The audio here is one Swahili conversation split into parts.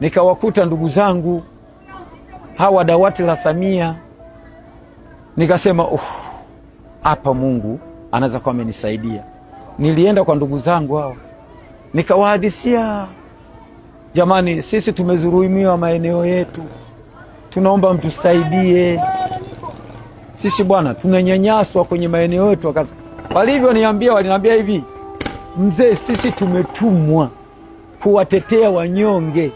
nikawakuta ndugu zangu hawa dawati la Samia, nikasema hapa Mungu anaweza kuwa amenisaidia. Nilienda kwa ndugu zangu hao nikawahadisia, jamani, sisi tumezurumiwa maeneo yetu, tunaomba mtusaidie sisi bwana, tunanyanyaswa kwenye maeneo yetu. Walivyoniambia, waliniambia hivi, mzee, sisi tumetumwa kuwatetea wanyonge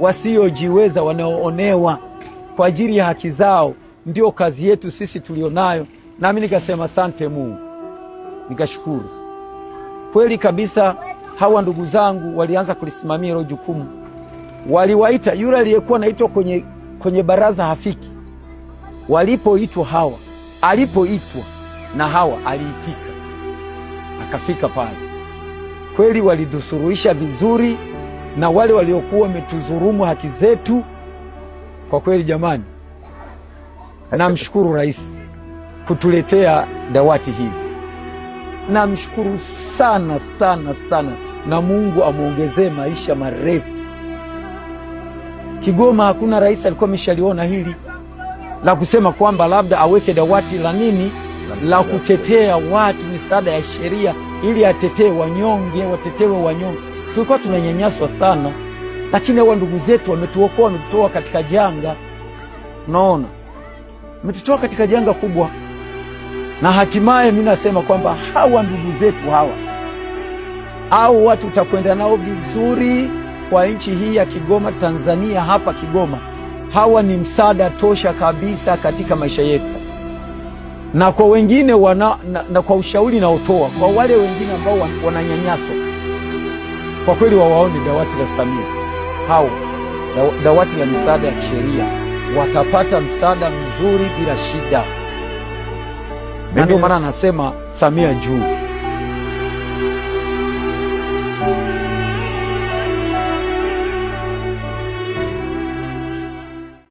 wasiojiweza, wanaoonewa kwa ajili ya haki zao. Ndio kazi yetu sisi tulionayo. Nami nikasema sante Mungu, nikashukuru kweli kabisa. Hawa ndugu zangu walianza kulisimamia hilo jukumu, waliwaita yule aliyekuwa naitwa kwenye, kwenye baraza hafiki. Walipoitwa hawa, alipoitwa na hawa aliitika, akafika pale. Kweli walitusuruhisha vizuri na wale waliokuwa wametudhurumu haki zetu. Kwa kweli jamani, namshukuru rais kutuletea dawati hili, namshukuru sana sana sana, na Mungu amwongezee maisha marefu. Kigoma hakuna rais alikuwa ameshaliona hili la kusema kwamba labda aweke dawati la nini la kutetea watu misaada ya sheria, ili atetee wanyonge, watetewe wanyonge tulikuwa tunanyanyaswa sana, lakini hawa ndugu zetu wametuokoa, wametutoa katika janga. Unaona, wametutoa katika janga kubwa, na hatimaye mi nasema kwamba hawa ndugu zetu hawa au watu utakwenda nao vizuri kwa nchi hii ya Kigoma, Tanzania. Hapa Kigoma hawa ni msaada tosha kabisa katika maisha yetu, na kwa wengine wana, na, na kwa ushauri naotoa kwa wale wengine ambao wananyanyaswa kwa kweli wawaone dawati la Samia hao dawati la misaada ya kisheria, watapata msaada mzuri bila shida, na ndio maana anasema Samia juu.